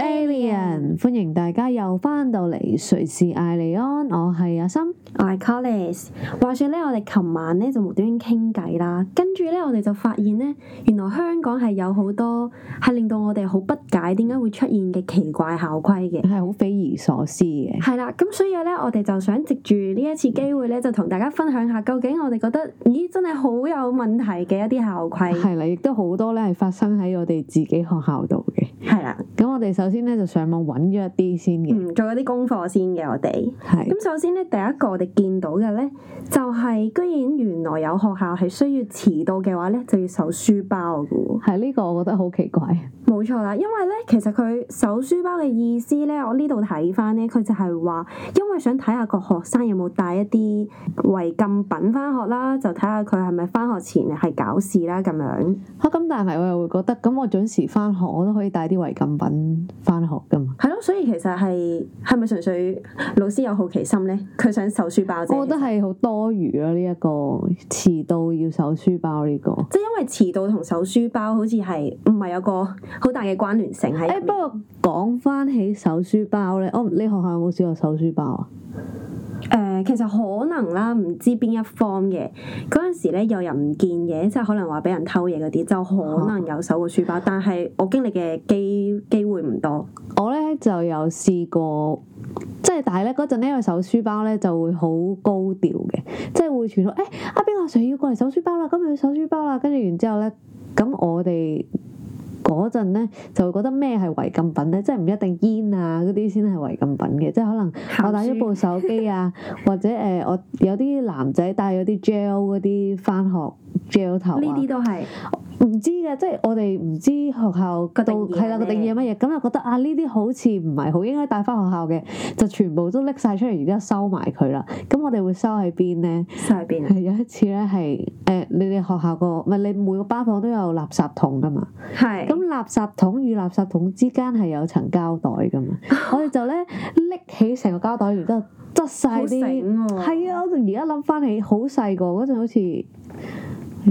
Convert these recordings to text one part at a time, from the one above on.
Alien，歡迎大家又翻到嚟，瑞士艾利安，我係阿 Sum。我係 Collis。話說咧，我哋琴晚咧就無端端傾偈啦，跟住咧我哋就發現咧，原來香港係有好多係令到我哋好不解，點解會出現嘅奇怪校規嘅，係好匪夷所思嘅。係啦，咁所以咧，我哋就想藉住呢一次機會咧，就同大家分享下，究竟我哋覺得，咦，真係好有問題嘅一啲校規，係啦，亦都好多咧係發生喺我哋自己學校度。係啦，咁我哋首先咧就上網揾咗一啲先嘅，嗯，做一啲功課先嘅我哋。係的，咁首先咧第一個我哋見到嘅咧，就係、是、居然原來有學校係需要遲到嘅話咧，就要搜書包噶。係呢、這個我覺得好奇怪。冇錯啦，因為咧其實佢搜書包嘅意思咧，我看看呢度睇翻咧，佢就係話因為想睇下個學生有冇帶一啲違禁品翻學啦，就睇下佢係咪翻學前係搞事啦咁樣。吓，啊，咁但係我又會覺得，咁我準時翻學，我都可以帶啲違禁品翻學噶嘛？係咯，所以其實係係咪純粹老師有好奇心咧？佢想搜書包我覺得係好多餘咯，呢一個遲到要搜書包呢個。即係 因為遲到同搜書包好似係唔係有個好大嘅關聯性喺。誒，不過講翻起搜書包咧，我、哦、你學校有冇試過搜書包啊？誒、呃、其實可能啦，唔知邊一方嘅嗰陣時咧，有人唔見嘢，即係可能話俾人偷嘢嗰啲，就可能有搜過書包，但係我經歷嘅機機會唔多。我咧就有試過，即係但係咧嗰陣因為搜書包咧就會好高調嘅，即係會傳到誒阿邊個阿 sir 要過嚟搜書包啦，咁要搜書包啦，跟住然之後咧，咁我哋。嗰陣咧就會覺得咩係違禁品咧，即係唔一定煙啊嗰啲先係違禁品嘅，即係可能我帶咗部手機啊， 或者誒、呃、我有啲男仔帶咗啲 gel 嗰啲返學 gel 頭呢啲都係。唔知嘅，即係我哋唔知學校度定義啦定義乜嘢，咁就覺得啊呢啲好似唔係好應該帶翻學校嘅，就全部都拎晒出嚟，而家收埋佢啦。咁我哋會收喺邊呢？收喺邊？係有一次咧，係誒你哋學校個唔係你每個班房都有垃圾桶噶嘛？係。咁垃圾桶與垃圾桶之間係有層膠袋噶嘛？我哋就咧拎起成個膠袋，而家執晒啲。係啊！我仲而家諗翻起好細個嗰陣，好似。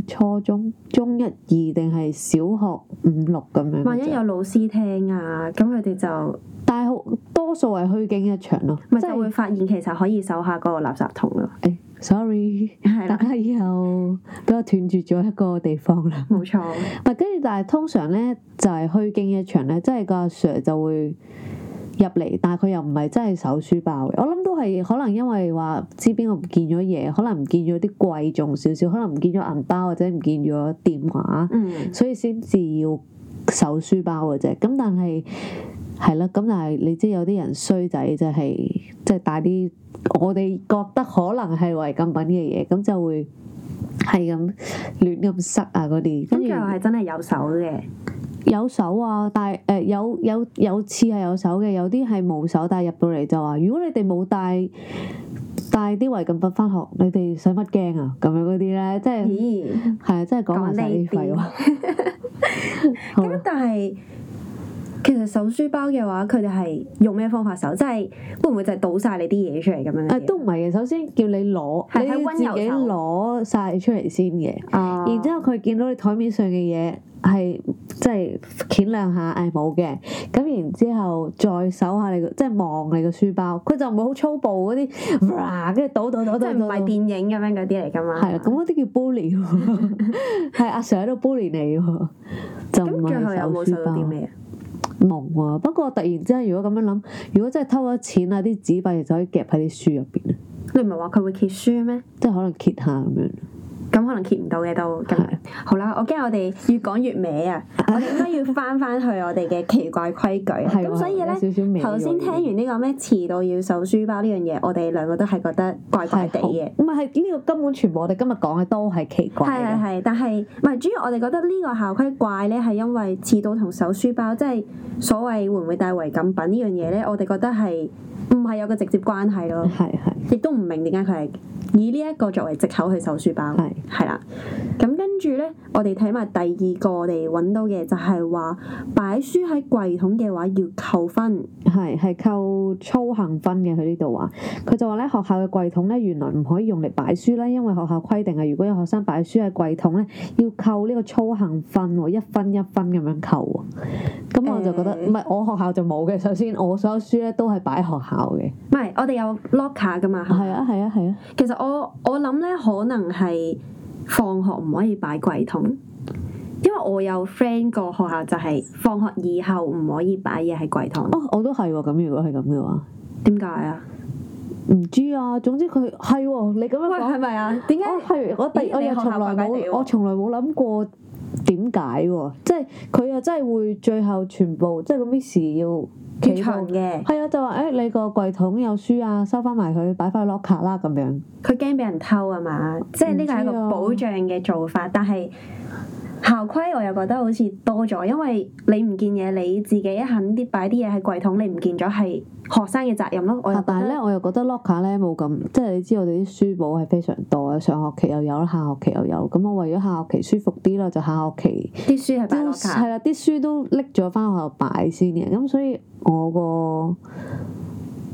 初中、中一二定係小學五六咁樣。萬一有老師聽啊，咁佢哋就，但係好多數係虛驚一場咯。咪即係會發現其實可以守下個垃圾桶咯。誒、哎、，sorry，大家的以後都斷絕咗一個地方啦。冇錯 錯。咪跟住，但係通常咧就係虛驚一場咧，即、就、係、是、個阿 Sir 就會。入嚟，但係佢又唔係真係搜書包嘅。我諗都係可能因為話知邊個唔見咗嘢，可能唔見咗啲貴重少少，可能唔見咗銀包或者唔見咗電話，嗯、所以先至要搜書包嘅啫。咁但係係啦，咁但係你知有啲人衰仔就係即係帶啲我哋覺得可能係違禁品嘅嘢，咁就會係咁亂咁塞啊嗰啲。咁佢係真係有搜嘅。有搜啊，但係誒有有有次係有搜嘅，有啲係冇搜，但係入到嚟就話：如果你哋冇帶帶啲違禁品翻翻學，你哋使乜驚啊？咁樣嗰啲咧，即係係啊，即係講埋晒啲廢話。咁但係其實搜書包嘅話，佢哋係用咩方法搜，即係會唔會就係倒晒你啲嘢出嚟咁樣咧？都唔係嘅。首先叫你攞，係喺自己攞晒出嚟先嘅。Uh, 然之後佢見到你台面上嘅嘢。係即係檢量下，誒冇嘅。咁然之後再搜下你，即係望你個書包，佢就唔會好粗暴嗰啲，哇！跟住倒倒倒倒。倒倒即係唔係電影咁樣嗰啲嚟噶嘛？係啊，咁嗰啲叫 bully 喎。係阿 Sir 喺度 bully 你喎，就唔啱。咁 最後有冇搜到啲咩啊？冇啊！不過突然之間，如果咁樣諗，如果真係偷咗錢啊，啲紙幣就可以夾喺啲書入邊。你唔係話佢會揭書咩？即係 可能揭下咁樣。咁可能揭唔到嘅都，好啦，我驚我哋越講越歪啊！我哋應該要翻翻去我哋嘅奇怪規矩。係，咁所以咧，頭先聽完呢個咩遲到要搜書包呢樣嘢，我哋兩個都係覺得怪怪地嘅。唔係，呢個根本全部我哋今日講嘅都係奇怪。係係，但係唔係主要我哋覺得呢個校規怪咧，係因為遲到同搜書包，即係所謂會唔會帶違禁品呢樣嘢咧，我哋覺得係。唔係有個直接關係咯，係係亦都唔明點解佢係以呢一個作為藉口去售書包，係啦係。咁跟住咧，我哋睇埋第二個我哋揾到嘅就係話擺書喺櫃桶嘅話要扣分，係係扣操行分嘅，佢呢度話。佢就話咧，學校嘅櫃桶咧，原來唔可以用嚟擺書啦，因為學校規定啊，如果有學生擺書喺櫃桶咧，要扣呢個操行分一分一分咁樣扣喎。咁我就覺得唔係、呃、我學校就冇嘅。首先我所有書咧都係擺喺學校。唔係，我哋有 locker 㗎嘛？係嗎啊，係啊，係啊。其實我我諗呢，可能係放學唔可以擺櫃桶，因為我有 friend 個學校就係放學以後唔可以擺嘢喺櫃桶。哦，我都係咁。如果係咁嘅話，點解啊？唔知啊。總之佢係喎，你咁樣講係咪啊？點解、哦？我係你我第我又從來冇我從來冇諗過點解喎？即係佢又真係會最後全部即係個 miss 要。寄藏嘅，係啊就話誒，你個櫃桶有書啊，收翻埋佢，擺翻去 locker 啦咁樣。佢驚俾人偷啊嘛，即係呢個係一個保障嘅做法，但係。校規我又覺得好似多咗，因為你唔見嘢，你自己一肯啲擺啲嘢喺櫃桶，你唔見咗係學生嘅責任咯。但係咧，我又覺得 locker 咧冇咁，即係你知我哋啲書簿係非常多，上學期又有啦，下學期又有。咁、嗯、我為咗下學期舒服啲啦，就下學期啲書係擺 locker 係啦，啲書都拎咗翻學校擺先嘅。咁、嗯、所以我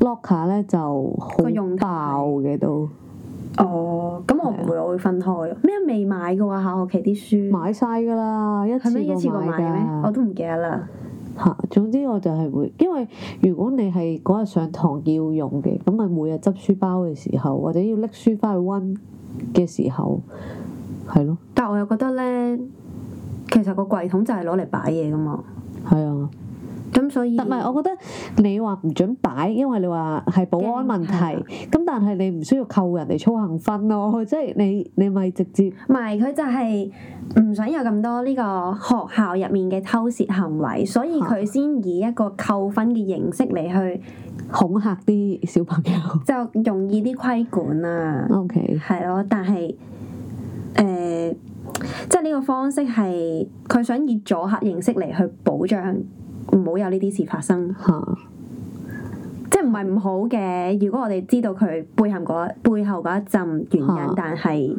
lock、er、呢個 locker 咧就好爆嘅都。哦，咁我唔會，我會分開。咩未買嘅話，下學期啲書買晒㗎啦，係咪一次過買嘅咩？我都唔記得啦。嚇！總之我就係會，因為如果你係嗰日上堂要用嘅，咁咪每日執書包嘅時候，或者要拎書翻去溫嘅時候，係咯。但係我又覺得咧，其實個櫃桶就係攞嚟擺嘢㗎嘛。係啊、嗯。嗯嗯。咁所以，但係我覺得你話唔准擺，因為你話係保安問題。咁但係你唔需要扣人哋操行分咯，即係你你咪直接。唔係，佢就係唔想有咁多呢個學校入面嘅偷竊行為，所以佢先以一個扣分嘅形式嚟去、啊、恐嚇啲小朋友。就容易啲規管啊。OK。係咯，但係誒，即係呢個方式係佢想以阻嚇形式嚟去保障。唔好有呢啲事發生，啊、即係唔係唔好嘅。如果我哋知道佢背後嗰背後一陣原因，啊、但係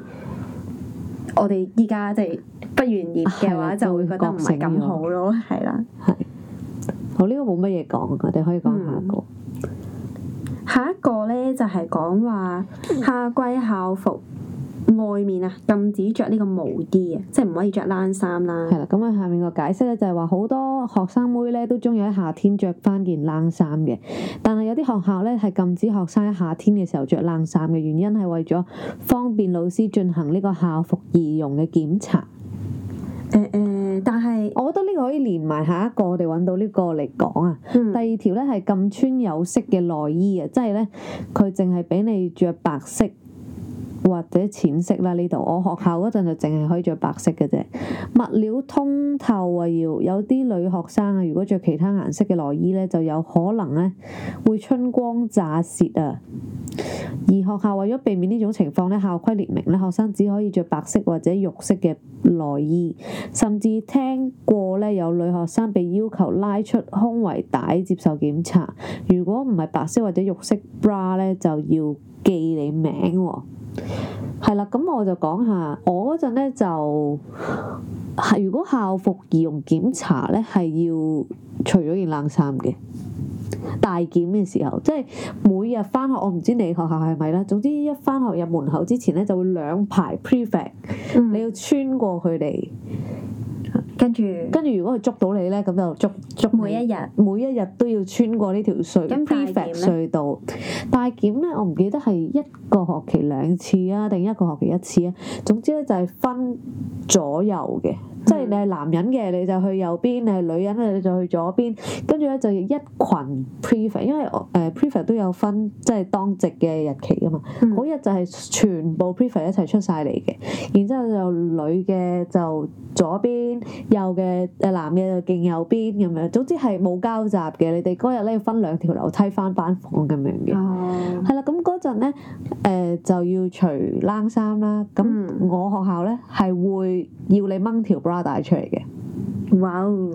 我哋依家即係不願意嘅話就、啊，就會覺得唔係咁好咯。係、這、啦、個，好呢個冇乜嘢講，我哋可以講下一個。嗯、下一個咧就係講話夏季校服。外面啊，禁止着呢個毛衣，啊，即係唔可以着冷衫啦。係啦，咁啊，下面個解釋咧就係話好多學生妹咧都中意喺夏天着翻件冷衫嘅，但係有啲學校咧係禁止學生喺夏天嘅時候着冷衫嘅，原因係為咗方便老師進行呢個校服儀容嘅檢查。誒、呃呃、但係我覺得呢個可以連埋下一個，我哋揾到呢個嚟講啊。嗯、第二條咧係禁穿有色嘅內衣啊，即係咧佢淨係俾你着白色。或者淺色啦呢度。我學校嗰陣就淨係可以着白色嘅啫。物料通透啊，要有啲女學生啊，如果着其他顏色嘅內衣呢，就有可能呢會春光乍泄啊。而學校為咗避免呢種情況呢，校規列明呢，學生只可以着白色或者肉色嘅內衣。甚至聽過呢，有女學生被要求拉出胸圍帶接受檢查，如果唔係白色或者肉色 bra 呢，就要記你名喎、哦。係啦，咁我就講下，我嗰陣呢，就係如果校服儀容檢查呢，係要除咗件冷衫嘅大檢嘅時候，即係每日返學，我唔知你學校係咪啦，總之一返學入門口之前呢，就會兩排 prefect，你要穿過佢哋。嗯跟住，跟住如果佢捉到你呢，咁就捉捉每一日，每一日都要穿過呢條隧道，隧道大檢呢。但係檢呢，我唔記得係一個學期兩次啊，定一個學期一次啊。總之呢，就係分左右嘅。即係你係男人嘅你就去右邊，你係女人咧你就去左邊，跟住咧就一群 prefer，因為誒 prefer 都有分即係當值嘅日期噶嘛，嗰日、嗯、就係全部 prefer 一齊出晒嚟嘅，然之後就女嘅就左邊，右嘅誒男嘅就勁右邊咁樣，總之係冇交集嘅，你哋嗰日咧要分兩條樓梯翻班房咁樣嘅，哦，係啦，咁嗰陣咧誒就要除冷衫啦，咁、嗯、我學校咧係會要你掹條 bra。出嚟嘅，哇 Wow.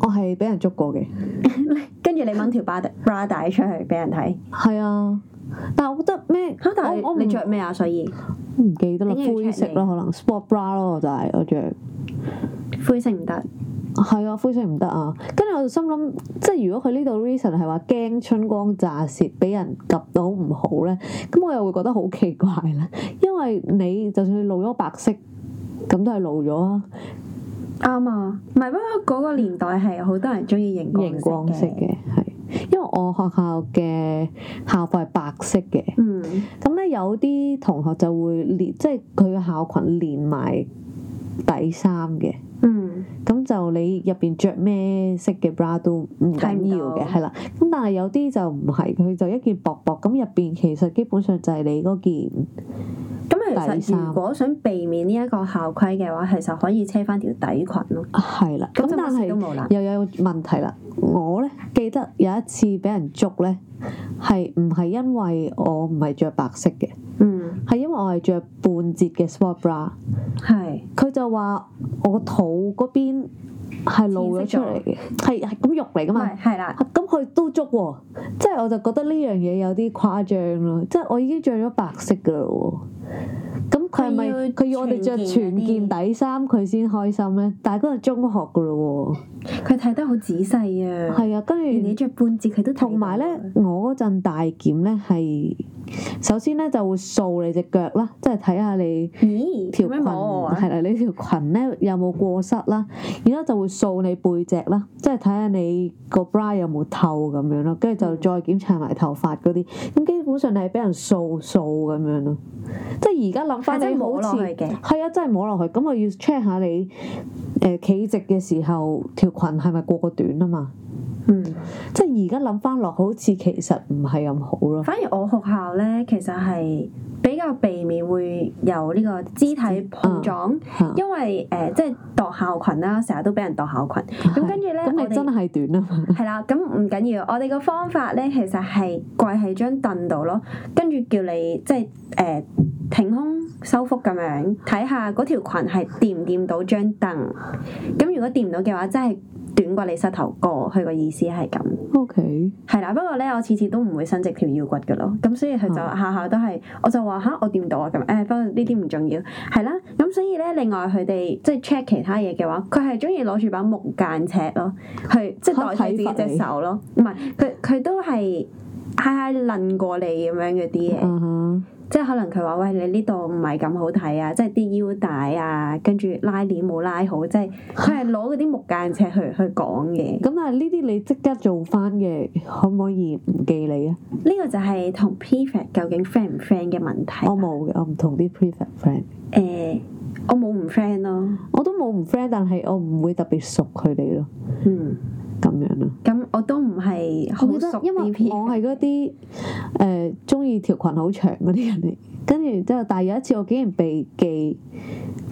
我係俾人捉過嘅， 跟住你掹條 bra b 帶出去俾人睇，係 啊！但係我覺得咩？但 我我唔着咩啊？所以唔記得啦，灰色咯，可能 sport bra 咯，我就係、是、我着灰色唔得，係 啊，灰色唔得啊！跟住我就心諗，即係如果佢呢度 reason 係話驚春光乍泄，俾人及到唔好咧，咁我又會覺得好奇怪啦，因為你就算你露咗白色，咁都係露咗啊。啱啊，唔係不，不過嗰個年代係好多人中意熒光色嘅，熒光色嘅，係，因為我學校嘅校服係白色嘅，嗯，咁咧有啲同學就會連，即係佢嘅校裙連埋底衫嘅。嗯，咁就你入邊着咩色嘅 bra 都唔緊要嘅，係啦。咁但係有啲就唔係，佢就一件薄薄咁入邊，面其實基本上就係你嗰件。咁、嗯、其實如果想避免呢的一個校規嘅話，其實可以穿翻條底裙咯。係啦，咁但係都冇啦，又有問題啦。我咧記得有一次俾人捉咧，係唔係因為我唔係着白色嘅？嗯，係因為我係着半截嘅 sports bra，係佢就話我個肚嗰邊係露咗出嚟嘅，係咁肉嚟噶嘛，係啦，咁佢、啊、都捉，即、就、係、是、我就覺得呢樣嘢有啲誇張咯，即、就、係、是、我已經着咗白色噶咯喎，咁佢咪佢要我哋着全件底衫佢先開心咧？但係嗰陣中學噶咯喎，佢睇得好仔細啊，係啊，跟住連你着半截佢都同埋咧，我嗰陣大檢咧係。首先咧就會掃你隻腳啦，即係睇下你條裙係啦、嗯，你條裙咧有冇過膝啦，然之後就會掃你背脊啦，即係睇下你個 bra 有冇透咁樣咯，跟住就再檢查埋頭髮嗰啲，咁基本上你係俾人掃掃咁樣咯。即係而家諗翻你好似係啊，真係摸落去，咁我要 check 下你誒企、呃、直嘅時候條裙係咪過個短啊嘛？嗯，即係而家諗翻落，好似其實唔係咁好咯。反而我學校咧，其實係比較避免會有呢個肢體碰撞，啊啊、因為誒即係度校裙啦，成日都俾人度校裙。咁、啊嗯、跟住咧，咁、嗯、們你真係短啊嘛？係啦，咁唔緊要。我哋個方法咧，其實係跪喺張凳度咯，跟住叫你即係誒挺胸收腹咁樣，睇下嗰條裙係掂唔掂到張凳。咁如果掂唔到嘅話，真係～短過你膝頭哥，佢個意思係咁。OK，係啦，不過咧，我次次都唔會伸直條腰骨噶咯，咁所以佢就下下都係、啊啊，我就話吓我掂唔到啊咁，誒不過呢啲唔重要，係啦，咁所以咧，另外佢哋即係 check 其他嘢嘅話，佢係中意攞住把木間尺咯，去即係代替自己隻手咯，唔係佢佢都係係係掄過你咁樣嗰啲嘢。嗯即係可能佢話：喂，你呢度唔係咁好睇啊！即係啲腰帶啊，跟住拉鏈冇拉好。即係佢係攞嗰啲木間尺去去講嘅。咁啊，呢啲你即刻做翻嘅，可唔可以唔記你啊？呢個就係同 prefect 究竟 friend 唔 friend 嘅問題。我冇嘅，我唔同啲 prefect friend, friend。誒、欸，我冇唔 friend 咯。我都冇唔 friend，但係我唔會特別熟佢哋咯。嗯。咁樣咯、啊，咁我都唔係好熟啲篇。因為我係嗰啲誒中意條裙好長嗰啲人嚟，跟住之後，但係有一次我竟然被記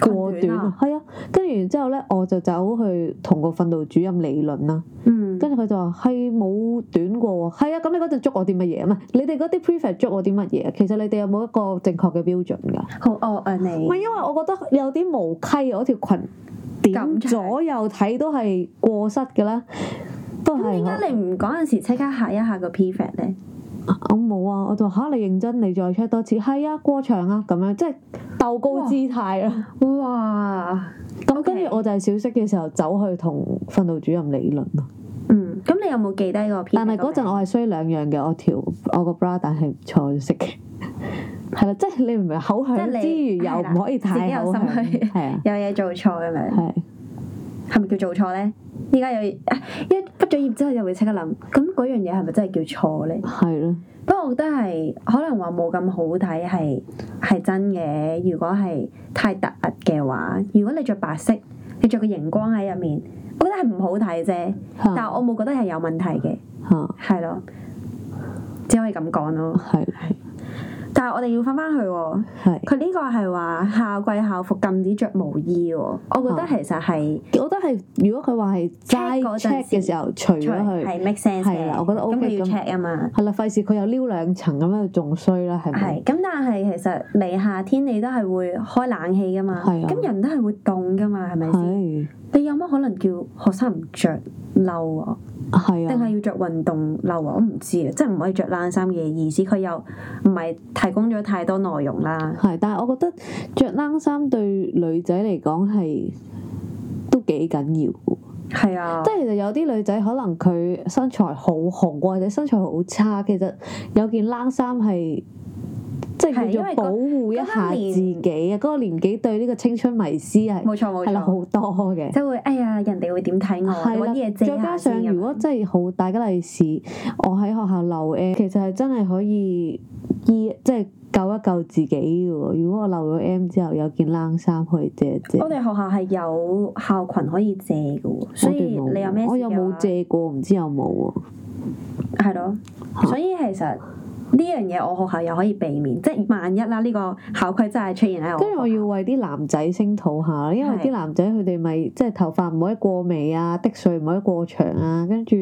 過短啊，係啊，跟住之後咧，我就走去同個訓導主任理論啦。嗯，跟住佢就話係冇短過喎，係啊，咁你嗰陣捉我啲乜嘢啊嘛？你哋嗰啲 prefect 捉我啲乜嘢？其實你哋有冇一個正確嘅標準㗎？好惡啊你！我因為我覺得有啲無稽啊，我條裙。咁左右睇都係過失嘅啦，都係。咁點解你唔嗰陣時即刻嚇一下個 prefect 咧？我冇啊，我就嚇、啊、你認真，你再 check 多次。係啊，過長啊，咁樣即係鬥高姿態啊。哇！咁跟住我就係小息嘅時候走去同訓導主任理論咯。嗯，咁你有冇記低個 prefect？但係嗰陣我係衰兩樣嘅，我條我個 bra 但係唔錯色嘅。係啦，即係你唔係口香之餘又唔可以太有心係有嘢做錯咁樣，係咪叫做錯咧？依家有，一畢咗業之後就會即刻諗，咁嗰樣嘢係咪真係叫錯咧？係咯。不過我覺得係可能話冇咁好睇，係係真嘅。如果係太突兀嘅話，如果你着白色，你着個熒光喺入面，我覺得係唔好睇啫。但係我冇覺得係有問題嘅，係咯，只可以咁講咯。係係。但係我哋要翻翻去喎，佢呢是個係話夏季校服禁止着毛衣喎。啊、我覺得其實係，我覺得係如果佢話係 check check 嘅時候除咗佢係 make sense 係啦，我覺得 O K 咁要 check 啊嘛。係啦，費事佢有撩兩層咁樣仲衰啦，係咪？咁但係其實未夏天你都係會開冷氣噶嘛，咁的人都係會凍噶嘛，係咪先？你有乜可能叫學生唔着褸啊？係啊，定係要着運動褸啊？我唔知啊，即係唔可以著冷衫嘅意思。佢又唔係提供咗太多內容啦。係，但係我覺得着冷衫對女仔嚟講係都幾緊要。係啊，即係其實有啲女仔可能佢身材好好，或者身材好差，其實有件冷衫係。即係叫保護一下自己啊！嗰個年紀對呢個青春迷思係冇錯冇錯啊，係好多嘅。就會哎呀，人哋會點睇我對？如果再加上如果真係好，大吉利是，我喺學校留 M，其實係真係可以依即係救一救自己嘅喎。如果我留咗 M 之後有件冷衫可以借借。我哋學校係有校裙可以借嘅喎，所以，所以有你有咩？我有冇借過，唔知有冇喎。係咯，所以其實。呢樣嘢我學校又可以避免，即係萬一啦，呢個校規真係出現喺我。跟住我要為啲男仔聲討下，因為啲男仔佢哋咪即係頭髮唔可以過眉啊，滴水唔可以過長啊，跟住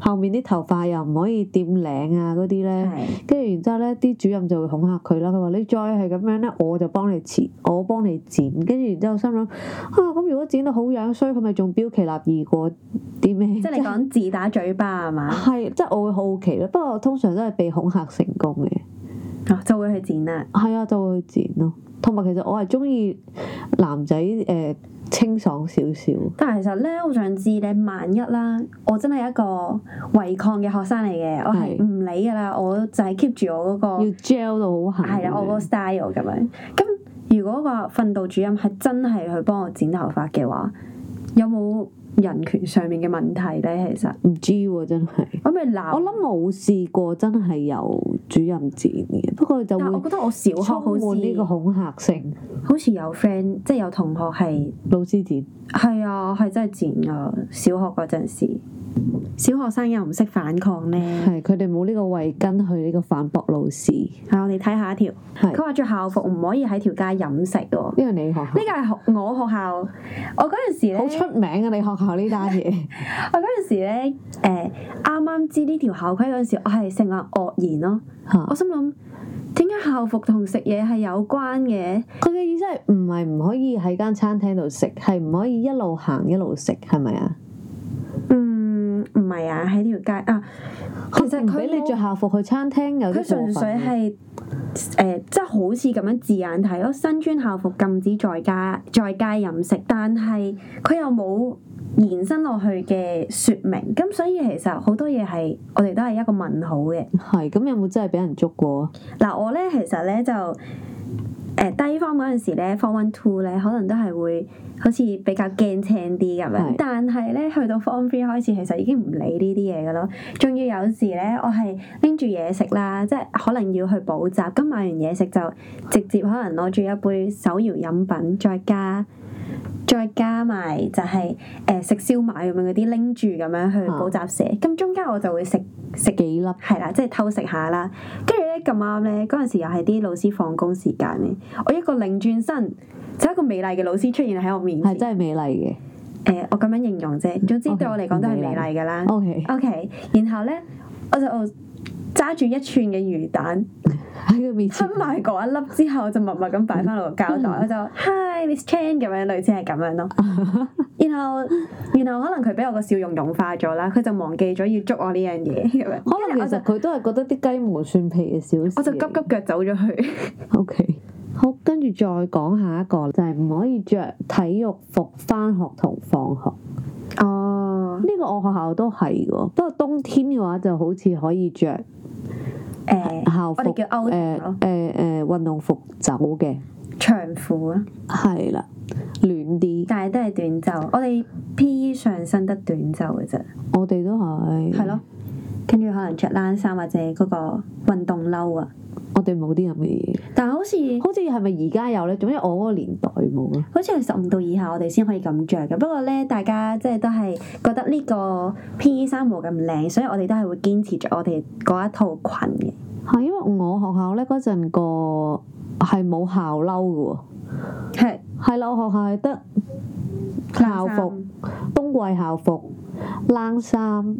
後，後面啲頭髮又唔可以掂領啊嗰啲咧。跟住是然之後咧，啲主任就會恐嚇佢啦，佢話你再係咁樣咧，我就幫你剪，我幫你剪。跟住然之後，然後心諗啊，咁如果剪到好樣衰，佢咪仲標奇立異過啲咩？即係是你講自打嘴巴係嘛？係，即係我會好奇咯。不過我通常都係被恐嚇成。工嘅，啊就會去剪啦，係啊就會去剪咯。同埋其實我係中意男仔誒、呃、清爽少少。但係其實咧，我想知你萬一啦，我真係一個違抗嘅學生嚟嘅，我係唔理噶啦，是我就係 keep 住我嗰、嗰個要 gel 到好係啦，我個 style 咁樣。咁 如果個訓導主任係真係去幫我剪頭髮嘅話，有冇？人權上面嘅問題咧，其實唔知喎、啊，真係我咪鬧。我諗冇試過真係由主任剪嘅，不過就但係我覺得我小學好似呢個恐嚇性。好似有 friend 即係有同學係老師剪，係啊，係真係剪啊，小學嗰陣時。小學生又唔識反抗咧，係佢哋冇呢個慧根去呢個反駁老師。係、啊、我哋睇下一條，佢話着校服唔可以喺條街飲食。因為你學校？呢個係學我學校，我嗰陣時咧好 出名啊！你學校 呢單嘢，我嗰陣時咧誒，啱啱知呢條校規嗰陣時，我係成日愕然咯。啊、我心諗點解校服同食嘢係有關嘅？佢嘅意思係唔係唔可以喺間餐廳度食，係唔可以一路行一路食，係咪啊？嗯。唔係啊，喺條街啊，其實佢俾你着校服去餐廳，佢純粹係誒，即係好似咁樣字眼睇咯。新專校服禁止在家在街飲食，但係佢又冇延伸落去嘅說明，咁所以其實好多嘢，係我哋都係一個問號嘅。係咁有冇真係俾人捉過？嗱、啊，我咧其實咧就。誒、呃、低 form 嗰時，咧 form one two 咧，可能都係會好似比較驚青啲咁樣，是的 但係咧去到 form three 開始，其實已經唔理呢啲嘢噶咯。仲要有時咧，我係拎住嘢食啦，即係可能要去補習，咁買完嘢食就直接可能攞住一杯手搖飲品再加。再加埋就係、是、誒、呃、食燒賣咁樣嗰啲，拎住咁樣去補習社，咁、啊、中間我就會食食幾粒，係啦，即、就、係、是、偷食下啦。跟住咧咁啱咧，嗰陣時又係啲老師放工時間咧，我一個擰轉身，就是、一個美麗嘅老師出現喺我面前，係真係美麗嘅。誒、呃，我咁樣形容啫，總之對我嚟講都係美麗噶啦。O K O K，然後咧我就。揸住一串嘅魚蛋喺佢面前，吞埋嗰一粒之後，就默默咁擺翻落個膠袋。嗯、我就 Hi Miss Chan 咁樣，類似係咁樣咯。 然後，然後可能佢俾我個笑容融化咗啦，佢就忘記咗要捉我呢樣嘢，可能其實佢就都係覺得啲雞毛蒜皮嘅小事。我就急急腳走咗去。O、okay. K，好，跟住再講下一個就係、是、唔可以着體育服翻學同放學。哦，呢個我學校都係喎，不過冬天嘅話就好似可以着。校服，誒，我哋叫歐陽咯。誒誒、欸欸欸、運動服走嘅長褲啊，係啦，暖啲。但係都係短袖，我哋 P.E. 上身得短袖嘅啫。我哋都係。係咯，跟住可能着冷衫或者嗰個運動褸啊。我哋冇啲咁嘅嘢，但係好似好似係咪而家有呢？總之我嗰個年代冇咯。好似係十五度以下，我哋先可以咁着嘅。不過呢，大家即係都係覺得呢個 P.E. 衫冇咁靚，所以我哋都係會堅持着我哋嗰一套裙嘅。係因為我學校呢嗰陣個係冇校褸㗎喎，係係囉，學校係得校服、衣冬季校服、冷衫。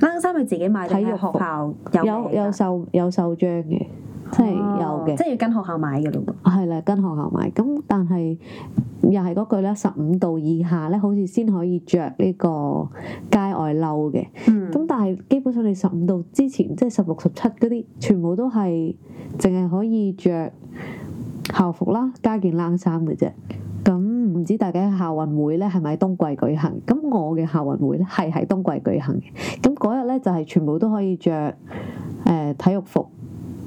冷衫係自己買定係學校有有售有售章嘅，啊、即係有嘅，即係要跟學校買嘅嚟。係啦，跟學校買。咁但係又係嗰句咧，十五度以下咧，好似先可以着呢個街外褸嘅。咁、嗯、但係基本上你十五度之前，即係十六十七嗰啲，全部都係淨係可以着校服啦，加件冷衫嘅啫。唔知大家校運會咧係咪喺冬季舉行？咁我嘅校運會咧係喺冬季舉行嘅。咁嗰日咧就係、是、全部都可以着誒、呃、體育服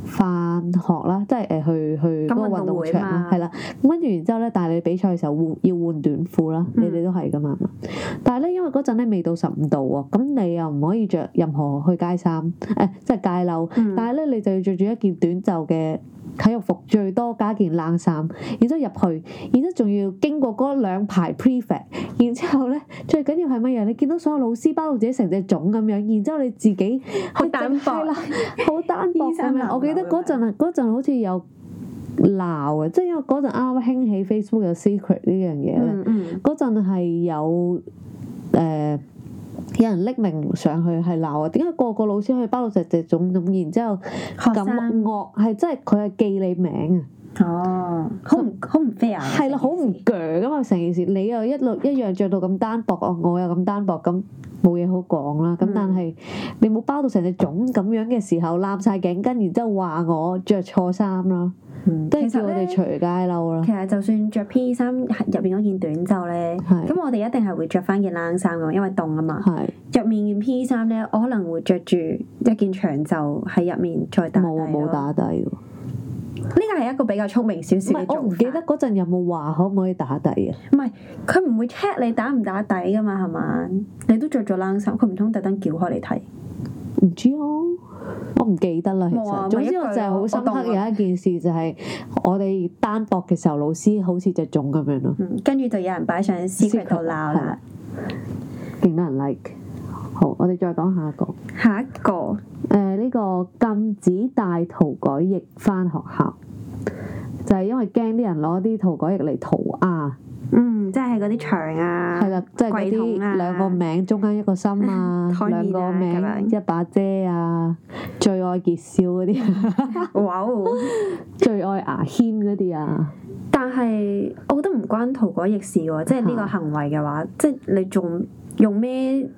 翻學啦，即係誒去去嗰個運動場啦，係啦。跟住然之後咧，但係你比賽嘅時候換要換短褲啦，你哋都係噶嘛。嗯、但係咧因為嗰陣咧未到十五度喎，咁你又唔可以着任何去街衫誒、呃，即係街褸。嗯、但係咧你就要着住一件短袖嘅。體育服最多加件冷衫，然之後入去，然之後仲要經過嗰兩排 prefect，然之後咧最緊要係乜嘢？你見到所有老師包到自己成隻粽咁樣，然之後你自己好單薄，好 單薄。係咪？我記得嗰陣嗰陣好似有鬧嘅，即係 因為嗰陣啱啱興起 Facebook 有 secret 呢樣嘢咧，嗰陣係有誒。呃有人匿名上去係鬧啊！點解個個老師可以包到隻隻粽咁？然之後咁惡，係真係佢係記你名啊！哦，好唔好唔 fair？係咯，好唔鋸噶嘛成件事。你又一路一樣着到咁單薄哦，我又咁單薄，咁冇嘢好講啦。咁但係你冇包到成隻粽咁樣嘅時候，攬晒頸巾，然之後話我着錯衫咯，跟住我哋除街褸啦。其實就算着 P 衫入邊嗰件短袖咧，咁我哋一定係會着翻件冷衫噶，因為凍啊嘛。着面件 P 衫咧，我可能會着住一件長袖喺入面再打底冇冇打底喎。呢個係一個比較聰明少少嘅做法。我唔記得嗰陣有冇話可唔可以打底嘅。唔係，佢唔會 check 你打唔打底噶嘛，係嘛？你都着咗冷衫，佢唔通特登叫開嚟睇？唔知哦、啊，我唔記得啦。其實，哇總之我就係好深刻有一件事，就係我哋單薄嘅時候，老師好似隻粽咁樣咯。跟住、 嗯、就有人擺上 Secret 度鬧啦，勁、嗯、多人 like。好，我哋再講下一個。下一個，誒呢、欸這個禁止帶塗改液翻學校，就係、是、因為驚啲人攞啲塗改液嚟塗啊。嗯，即係嗰啲牆啊。係啦，即係嗰啲兩個名中間一個心啊，嗯、兩個名這樣 一把遮啊，最愛傑少嗰啲。 哇哦！最愛牙軒嗰啲啊！但係我覺得唔關塗改液事喎，即係呢個行為嘅話，即、就、係、是、你仲用咩？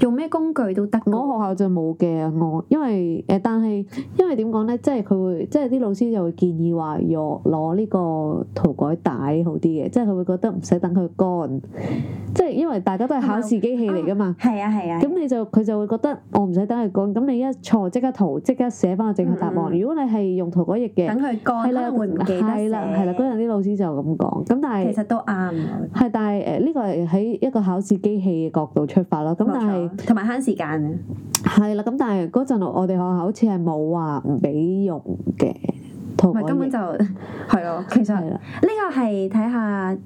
用咩工具都得。我學校就冇嘅我，因為誒、呃，但係因為點講咧，即係佢會，即係啲老師就會建議話，若攞呢個塗改帶好啲嘅，即係佢會覺得唔使等佢乾。即係因為大家都係考試機器嚟㗎嘛。係啊係啊。咁、嗯嗯嗯、你就佢就會覺得我唔使等佢乾，咁你一錯即刻塗，即刻寫翻個正確答案。嗯嗯嗯、如果你係用塗改液嘅，等佢乾先係啦係啦，嗰陣啲老師就咁講。咁但係其實都啱。係對、嗯，但係誒呢個係喺一個考試機器嘅角度出發咯。咁好。嗯但係是，同埋慳時間。係啦，咁但係嗰陣我哋學校好似係冇話唔俾用嘅，同埋根本就係咯。 其實係啦呢了個係睇下。看看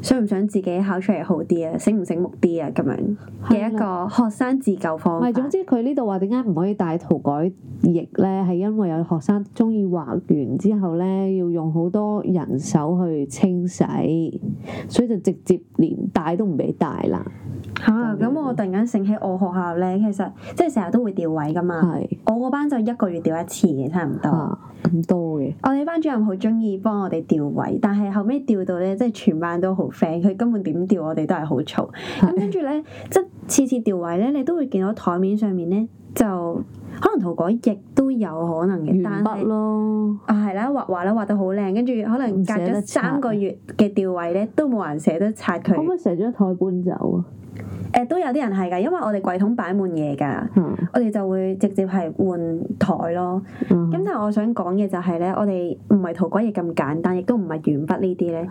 想唔想自己考出嚟好啲啊？醒唔醒目啲啊？咁樣嘅一個學生自救方法。係，總之佢呢度話點解唔可以帶塗改液咧？係因為有學生中意畫完之後咧，要用好多人手去清洗，所以就直接連帶都唔俾帶啦。吓的，咁的我突然間醒起，我學校咧其實即係成日都會調位㗎嘛。係的，我嗰班就一個月調一次嘅，差唔多。咁、啊、多嘅。我哋班主任好中意幫我哋調位，但係後尾調到咧，即係全班。都好 friend，佢根本點調我哋都係好嘈。咁跟住咧，即係次次調位咧，你都會見到台面上面咧，就可能塗改液亦都有可能嘅。鉛筆咯，啊係啦，畫畫咧畫得好靚，跟住可能隔咗三個月嘅調位咧，都冇人捨得拆佢。可唔可以成張台搬走啊？都有啲人係噶，因為我哋櫃桶擺滿嘢噶，嗯、我哋就會直接係換台咯。咁、嗯、但係我想講嘅就係、是、咧，我哋唔係塗鬼嘢咁簡單，亦都唔係鉛筆呢啲咧，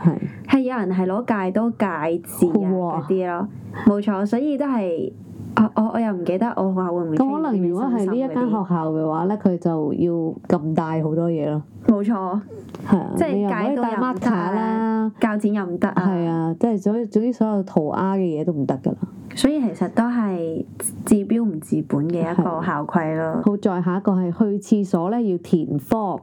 係是有人係攞戒刀戒字啊嗰啲哇咯，冇錯，所以都係。 啊！我我又唔記得我學校會唔會咁可能，如果係呢一間學校嘅話咧，佢就要禁帶好多嘢咯。冇錯，係啊，即係如果帶 marker 咧，鉸剪又唔得，係啊，即係總總之所有塗鴉嘅嘢都唔得噶啦。所以其實都係治標唔治本嘅一個校規咯、啊。好，再下一個係去廁所咧要填 form，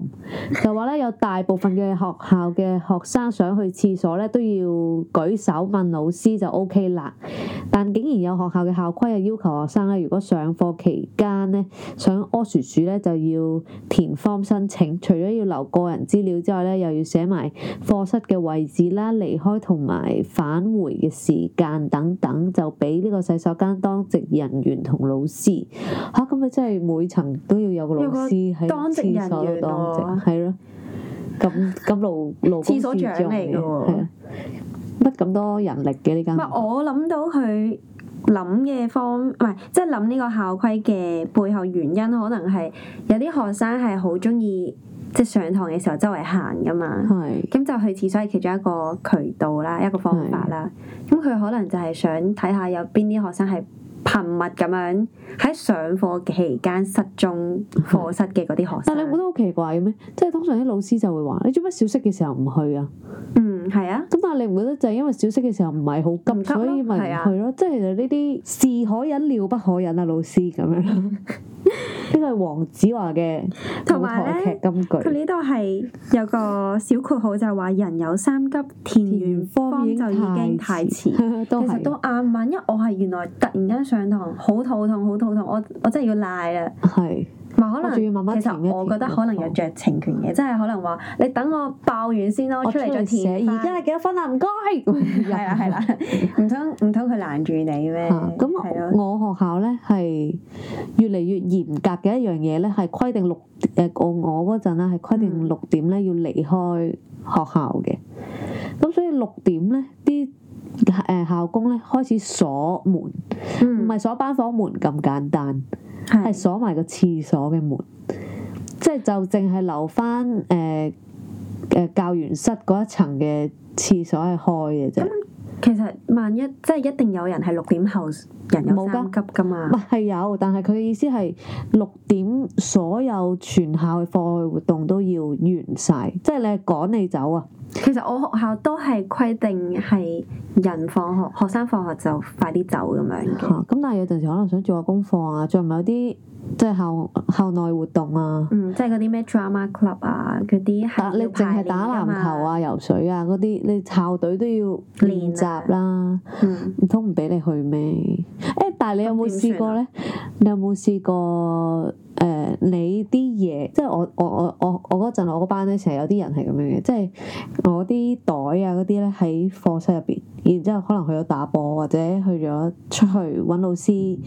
就話咧有大部分嘅學校嘅學生想去廁所咧都要舉手問老師就 OK 啦，但竟然有學校嘅校規。要求學生咧，如果上課期間咧想屙屎尿咧，就要填方申請。除咗要留個人資料之外咧，又要寫埋課室嘅位置啦、離開同埋返回嘅時間等等，就俾呢個洗手間當值人員同老師嚇。咁、啊、咪真係每層都要有個老師喺廁所度當值，係咯？咁咁老老廁所長嚟嘅喎，乜咁多人力嘅呢間？我諗到佢。諗嘅方唔係，即係諗呢個校規嘅背後原因，可能係有啲學生係好中意即係上堂嘅時候周圍行噶嘛，咁就去廁所係其中一個渠道啦，一個方法啦。咁佢是可能就係想睇下有邊啲學生係。頻密咁樣喺上課期間失蹤課室嘅嗰啲學生，嗯、但係你唔覺得好奇怪嘅咩？即係通常啲老師就會話：你做乜小息嘅時候唔去、嗯、啊？嗯，係啊。咁但係你唔覺得就係因為小息嘅時候唔係好急，行所以咪唔去咯？啊、即係其實呢啲事可忍，料不可忍啊！老師咁樣。嗯 呢個係黃子華嘅舞台劇金句，佢呢度係 有個小括號就係話人有三急，田園方就已經太遲， 是其實都啱。因為我係原來突然間上堂好肚痛，好肚痛，我我真係要賴啦。可能仲要慢慢沉，其實我覺得可能有着情權嘅，嗯、即係可能話你等我爆完先咯，出嚟再填。而家係幾多分 啊？唔、嗯、該。係、嗯、啦，唔通唔通佢攔住你咩？咁我我學校咧係越嚟越嚴格嘅一樣嘢咧，係規定六誒過我嗰陣咧，係規定六點咧要離開學校嘅。咁、嗯、所以六點咧啲。誒校工咧開始鎖門，唔係、嗯、鎖班房門咁簡單，係是鎖埋個廁所嘅門，即係就淨、是、係留翻誒誒教員室嗰一層嘅廁所係開嘅啫、嗯。其實萬一即係一定有人係六點後人有三急噶嘛？唔係有，但係佢嘅意思係六點所有全校嘅課外活動都要完晒，即、就、係、是、你趕你走啊！其實我學校都係規定係人放學，學生放學就快啲走咁樣咁、啊、但係有陣時可能想做下功課啊，做唔埋啲即係校校內活動啊。嗯，即、就、係、是、嗰啲咩 drama club 啊嗰啲係要排練㗎嘛。但係你淨係打籃球啊、游水啊嗰啲，你校隊都要練習啦、啊，都唔俾你去咩？誒、欸，但係你有冇試過咧？啊、你有冇試過？誒、呃，你啲嘢即係我我我我我嗰陣，我，我，我，我，我班咧成日有啲人係咁樣嘅，即係我啲袋啊嗰啲咧喺課室入邊，然之後可能去咗打波或者去咗出去揾老師，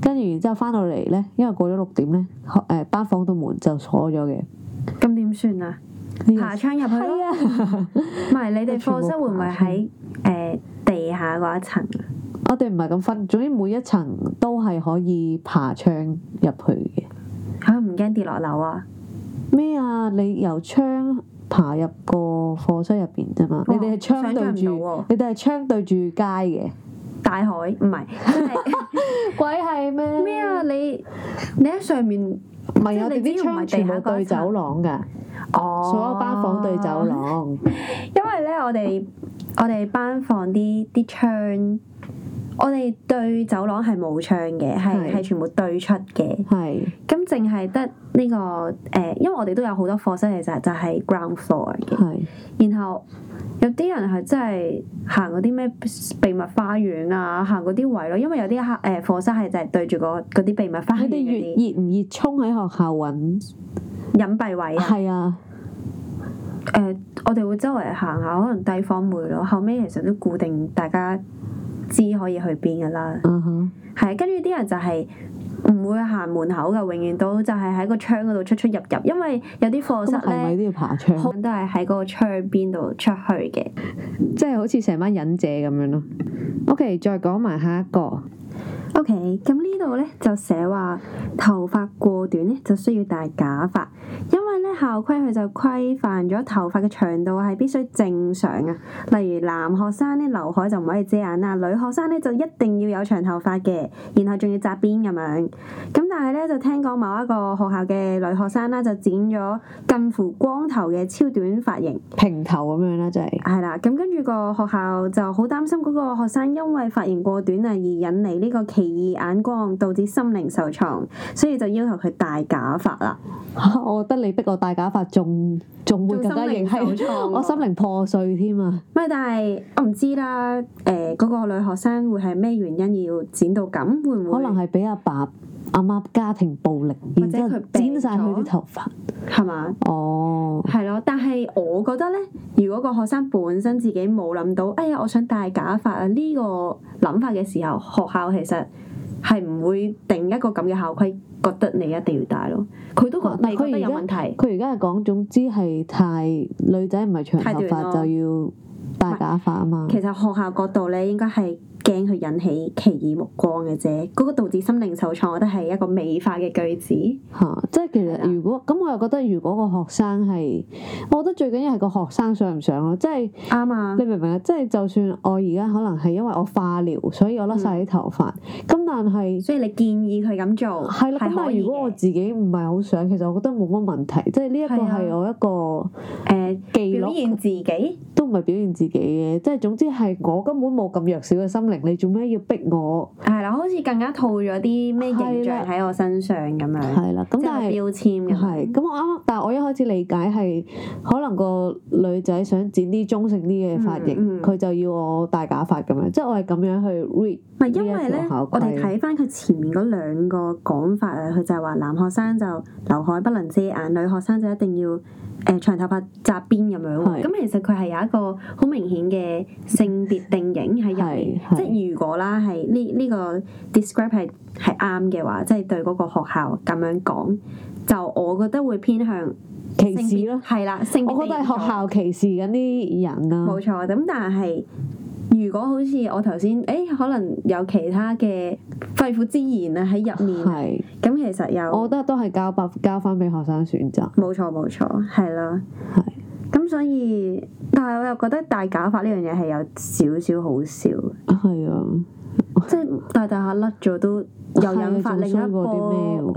跟住然之後翻到嚟咧，因為過咗六點咧，誒、呃、班房度門就鎖咗嘅。咁點算啊？爬窗入去咯。唔係、啊、 你哋課室會唔會喺誒、呃、地下嗰一層、啊、我哋唔係咁分，總之每一層都係可以爬窗入去嘅。佢唔驚跌落樓啊？咩啊？你由窗爬，爬入個課室入邊啫嘛？哦、你哋係窗對住，你哋係窗對住街嘅。大海唔係， 鬼係咩？咩啊？你你喺上面，唔係我哋啲窗地下地全部對走廊噶。哦，所有班房對走廊， 因為咧，我哋我哋班房啲啲窗。我哋對走廊係冇窗嘅，係係是全部對出嘅。係是，咁淨係得呢個誒、呃，因為我哋都有好多課室其實就係、是就是、ground floor 嘅。係是，然後有啲人係真係行嗰啲咩秘密花園啊，行嗰啲位咯，因為有啲客誒課室係就係對住嗰啲秘密花園，佢哋越熱唔熱，衝喺學校揾隱蔽位啊？係啊。誒、呃，我哋會周圍行下，可能低方梅咯。後尾其實都固定大家知可以去邊嘅啦，係啊、嗯哼，跟住啲人就係、是。嗯唔會行門口嘅，永遠都就係喺個窗嗰度出出入入，因為有啲課室咧，係唔係都要爬窗？都係喺嗰個窗邊度出去嘅，即係好似成班忍者咁樣咯。OK，再講埋下一個。OK，咁呢度咧就寫話頭髮過短咧就需要戴假髮，因為咧校規佢就規範咗頭髮嘅長度係必須正常啊。例如男學生咧，劉海就唔可以遮眼啦；女學生咧，就一定要有長頭髮嘅，然後仲要紮辮咁樣。咁但係咧就聽講某一個學校嘅女學生啦，就剪咗近乎光頭嘅超短髮型，平頭咁樣啦、啊，就係、是。係啦，咁跟住個學校就好擔心嗰個學生因為髮型過短啊而引嚟呢個奇異眼光，導致心靈受創，所以就要求佢戴假髮啦。 我覺得你逼我戴假髮，仲仲會更加更受創， 我心靈破碎添啊！咪但係我唔知啦，誒、呃、嗰、那個女學生會係咩原因要剪到咁，會唔會？可能係俾阿爸，爸，阿媽家庭暴力，然之後剪晒佢啲頭髮，係嘛？哦，係咯。但係我覺得咧，如果個學生本身自己冇諗到，哎呀，我想戴假髮啊！呢個諗法嘅時候，學校其實係唔會定一個咁嘅校規，覺得你一定要戴咯。佢都佢覺得有問題。佢而家係講總之係太女仔唔係長頭髮，太短就要戴假髮啊嘛。其實學校角度咧，應該係。驚佢引起奇異目光嘅啫，嗰、那個導致心靈受創，我覺得係一個美化嘅句子。吓、啊，即係其實如果咁，了我又覺得如果個學生係，我覺得最緊要係個學生想唔想咯。即係啱啊，你明唔明啊？即、就、係、是、就算我而家可能係因為我化療，所以我甩晒啲頭髮，咁、嗯、但係所以你建議佢咁做係咯。咁、啊、但係如果我自己唔係好想，其實我覺得冇乜問題。即係呢一個係我一個誒，表現自己都唔係表現自己嘅。即係總之係我根本冇咁弱小嘅心靈。你做咩要逼我？係啦，好似更加套咗啲咩形象喺我身上咁樣，係啦，咁就係標籤咁。係咁我啱，但係我一開始理解係可能個女仔想剪啲中性啲嘅髮型，佢就要我戴假髮咁樣，即係我係咁樣去 read。係因為咧，我哋睇翻佢前面嗰兩個講法啊，佢就係話男學生就劉海不能遮眼，女學生就一定要誒長頭髮扎辮咁樣。咁其實佢係有一個好明顯嘅性別定型。啦，係呢呢個 description 係係啱嘅話，即係對嗰個學校咁樣講，就我覺得會偏向歧視咯。係啦，性我覺得係學校歧視緊啲人啊。冇錯，咁但係如果好似我頭先，誒，可能有其他嘅肺腑之言啊喺入面。係。咁其實有，我覺得都係交白交翻俾學生選擇。冇錯冇錯，係咯。係。咁所以，但係我又覺得戴假髮呢樣嘢係有少少好笑嘅。係啊，即係大大下甩咗都又引發、啊、另一啲波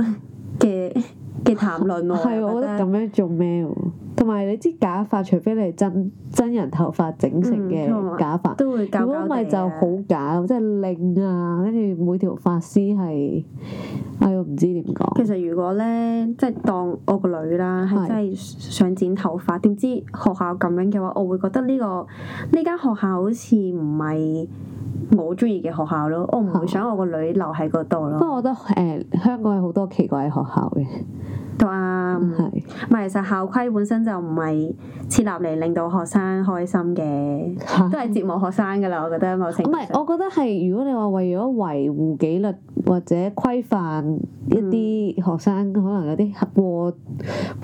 嘅嘅談論喎。係啊，我覺得咁樣做咩喎？同埋你知假髮，除非你係真真人頭髮整成嘅假髮，如果唔係就好假，即係靚啊！跟住每條髮絲係，哎，我唔知點講。其實如果咧，即係當我個女啦，係真係想剪頭髮，點是知學校咁樣嘅話，我會覺得呢個呢間學校好似唔係我中意嘅學校咯。我唔會想我個女留喺嗰度咯。不過好我覺得誒，香港有好多奇怪嘅學校嘅。啱，係、嗯，係咪其實校規本身就唔係設立嚟令到學生開心嘅？啊、都係折磨學生噶啦。我覺得某程度，唔係，我覺得係如果你話為咗維護紀律，或者規範一啲學生可能有啲過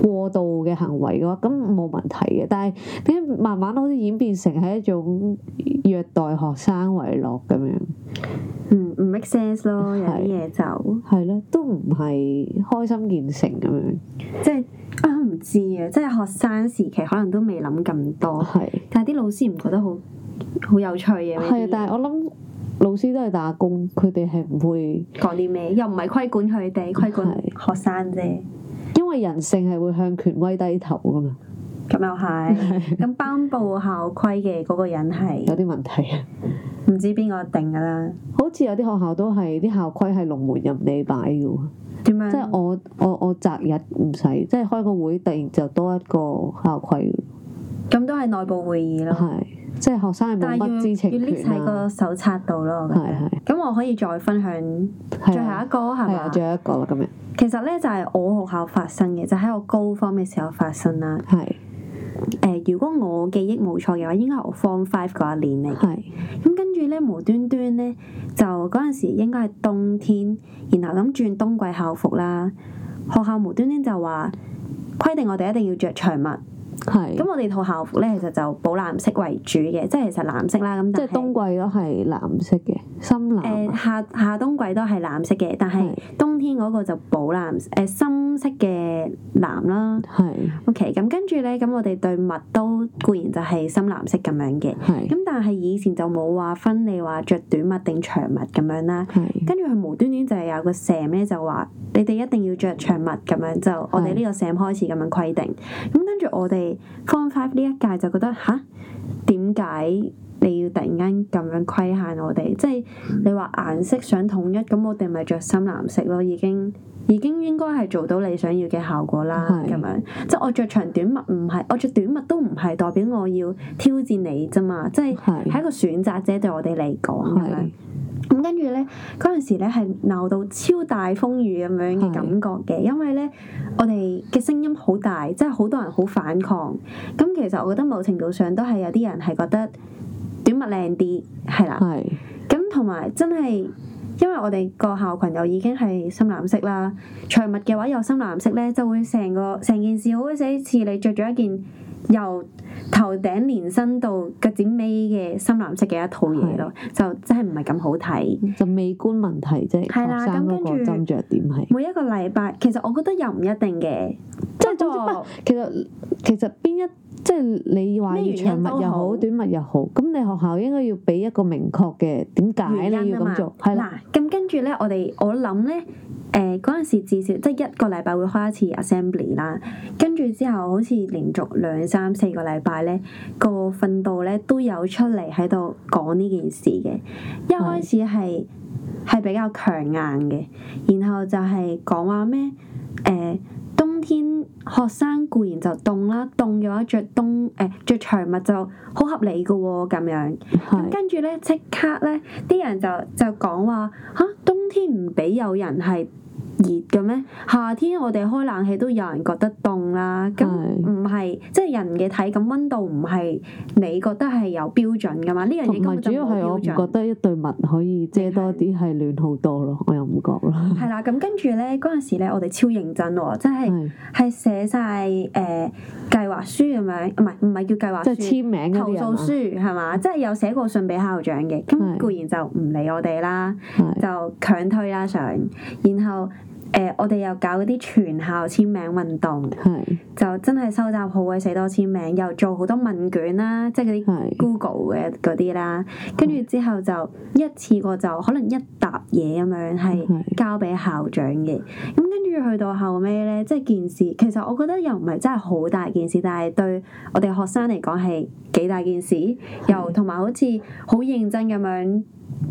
過度嘅行為嘅話，咁冇問題嘅。但係點解慢慢好似演變成係一種虐待學生為樂咁樣？嗯，唔 make sense 咯，有啲嘢就係咯，都唔係開心見誠咁樣即、啊。即係啊，唔知啊，即係學生時期可能都未諗咁多，係的。但係啲老師唔覺得好好有趣嘅，係的，但係我諗。老師都係打工，佢哋係唔會講啲咩，又唔係規管佢哋，規管學生啫。因為人性係會向權威低頭噶嘛。咁又係，咁頒布校規嘅嗰個人係有啲問題。唔知邊個定噶啦？好似有啲學校都係啲校規係龍門任你擺噶。點樣？即係我我我擇日唔使，即係開個會，突然就多一個校規。咁都係內部會議咯。即係學生冇知要情權啦、啊。咁我，我可以再分享最後一個係咪的吧？最後一個啦咁樣。其實咧就係、是、我學校發生嘅，就喺、是、我高方嘅時候發生啦。係的。誒、呃，如果我記憶冇錯嘅話，應該係我 form five 嗰一年嚟。係的。咁跟住咧，無端端咧，就嗰陣時應該係冬天，然後咁轉冬季校服啦。學校無端端，端就話規定我哋一定要着長襪。係，咁是我哋套校服咧，其實就寶藍色為主嘅，即係其實藍色啦。咁即係冬季都係藍色嘅，深藍、藍。誒、呃、夏夏冬季都係藍色嘅，但係冬天嗰個就寶藍，誒、呃、深色嘅藍啦。係是。O K，咁跟住咧，咁我哋對襪都固然就係深藍色咁樣嘅。咁是但係以前就冇話分你話着短襪定長襪咁樣啦。跟住佢無端端就係有個 sem 就話你哋一定要着長襪咁樣，就我哋呢個 sem 開始咁樣規定。咁是跟住我哋。Form five 呢一屆就覺得吓，點解你要突然間咁樣規限我哋？即係你話顏色想統一，咁我哋咪着深藍色咯，已經已經應該係做到你想要嘅效果啦。咁是樣，即係我着長短襪唔係，我着短襪都唔係代表我要挑戰你啫嘛。即係係一個選擇啫，對我哋嚟講。是咁跟住咧，嗰陣時咧係鬧到超大風雨咁樣嘅感覺嘅，是因為咧我哋嘅聲音好大，即係好多人好反抗。咁其實我覺得某程度上都係有啲人係覺得短物靚啲，係啦。係是。咁同埋真係，因為我哋個校裙又已經係深藍色啦，長物嘅話又深藍色咧，就會成個成件事好似似你着咗一件。由頭頂連身到腳趾尾嘅深藍色嘅一套嘢咯，的就真係唔係咁好睇，就美觀問題啫。係啦的，咁跟住斟酌點係每一個禮拜，其實我覺得又唔一定嘅，即係總之，其實其實邊一？即係你話要長物又好，短物又好，咁你學校應該要俾一個明確嘅點解你要咁做，係啦。咁跟住咧，我哋我諗咧，誒嗰陣時至少即係一個禮拜會開一次 assembly 啦，跟住之後好似連續兩三四個禮拜咧，個訓導咧都有出嚟喺度講呢件事嘅。是一開始係係比較強硬嘅，然後就係講話咩誒？呃冬天學生固然就凍啦，凍嘅話着冬誒着長襪就好合理嘅咁、哦、樣。咁跟住咧，即刻咧，啲人就就講話吓，冬天唔俾有人係熱嘅咩？夏天我哋開冷氣都有人覺得凍啦，咁唔係即係人嘅體感温度唔係你覺得係有標準噶嘛？呢樣嘢主要係我唔覺得一對襪可以遮多啲係是暖好多咯。感覺咯，係啦，咁跟住咧，嗰陣時咧，我哋超認真喎，即係，係寫晒誒計劃書咁樣，唔係唔係叫計劃書，簽名投訴書，係嘛？即係有寫過信俾校長嘅，咁固然就唔理我哋啦，就強推啦上，然後。誒、呃，我哋又搞嗰啲全校簽名運動，是就真係收集好鬼死多簽名，又做好多問卷啦，即係嗰啲 Google 嘅嗰啲啦，跟住是之後就一次過就可能一沓嘢咁樣，係交俾校長嘅。咁跟住去到後尾咧，即係件事，其實我覺得又唔係真係好大件事，但係對我哋學生嚟講係幾大件事，又同埋是好似好認真咁樣。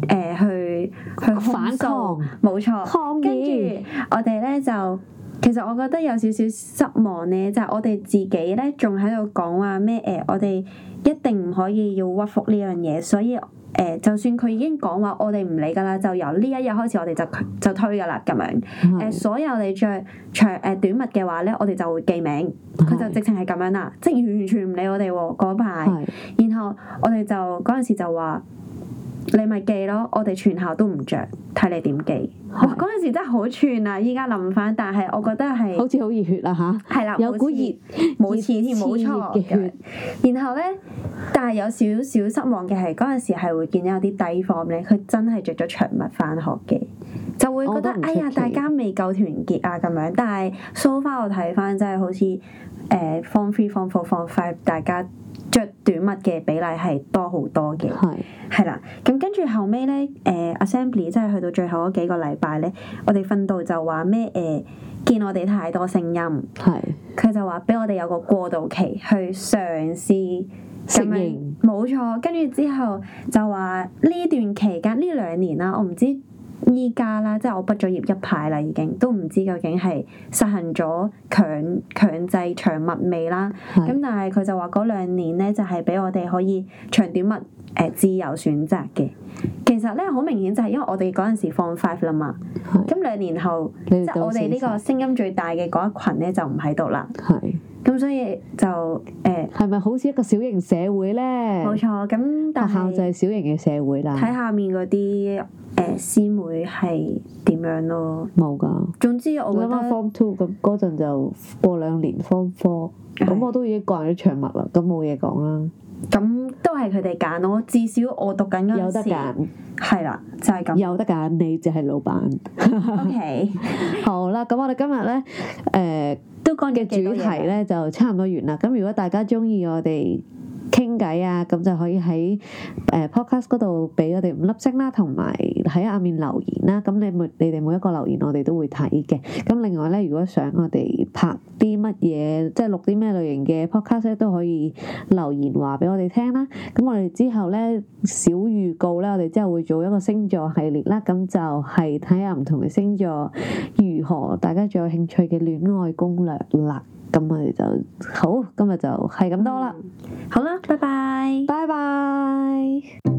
誒，去去反抗，冇錯。抗議，跟住我哋咧就，其實我覺得有少少失望咧，就係、我哋自己咧仲喺度講話咩？誒，我哋一定唔可以要屈服呢樣嘢，所以誒，就算佢已經講話我哋唔理噶啦，就由呢一日開始我、嗯我，我哋就就推噶啦，咁樣。誒，所有你着長誒短襪嘅話咧，我哋就會記名，佢、嗯、就直情係咁樣啦，即係是完全唔理我哋嗰排。是然後我哋就嗰陣時就話。你咪記咯，我哋全校都唔着，睇你點記。嗰陣是、哦、時真係好串啊！依家諗翻，但係我覺得係好似好熱血啊吓，係啦，的有股熱，冇刺添，冇錯嘅。血血然後咧，但係有少少失望嘅係，嗰陣時係會見到有啲低 form 咧，佢真係着咗長襪翻學嘅，就會覺得哎呀，大家未夠團結啊咁樣。但係 so far 我睇翻，真係好似誒 form three、form four、form five，大家。着短襪嘅比例係多好多嘅，係啦的。咁跟住後尾咧，誒、呃、assembly 即係去到最後嗰幾個禮拜咧，我哋訓導就話咩誒，見我哋太多聲音，係佢的就話俾我哋有個過渡期去嘗試適咪？冇錯言。跟住之後就話呢段期間呢兩年啦，我唔知。依家啦，即係我畢咗業一排啦，已經都唔知究竟係實行咗強強制長物未啦。咁係但係佢就話嗰兩年咧，就係、係、俾我哋可以長短物誒、呃、自由選擇嘅。其實咧，好明顯就係因為我哋嗰陣時放 five 啦嘛。咁係兩年後，即係我哋呢個聲音最大嘅嗰一群咧，就唔喺度啦。咁所以就誒，係、呃、咪好似一個小型社會咧？冇錯，咁學校就係小型嘅社會啦。睇是下面嗰啲誒師妹係點樣咯？冇噶。總之我說覺得 form two 咁嗰陣就過兩年 form four，咁的我都已經慣咗長物啦，咁冇嘢講啦。咁都係佢哋揀，我至少我讀緊嗰陣時有得揀，係啦，就係、是、咁有得揀，你就係老闆。 OK， 好啦，咁我哋今日咧誒。嗯嗯嘅主題咧少就差唔多完啦，咁如果大家鍾意我哋傾偈啊，咁就可以喺誒 podcast 嗰度畀我哋五粒星啦，同埋喺下面留言啦。咁你每你哋每一個留言，我哋都會睇嘅。咁另外咧，如果想我哋拍啲乜嘢，即係錄啲咩類型嘅 podcast 咧，都可以留言話畀我哋聽啦。咁我哋之後咧，小預告咧，我哋之後會做一個星座系列啦。咁就係睇下唔同嘅星座如何，大家最有興趣嘅戀愛攻略啦。咁咪就好，今日就係咁多啦，嗯。好啦，拜拜 bye，拜拜。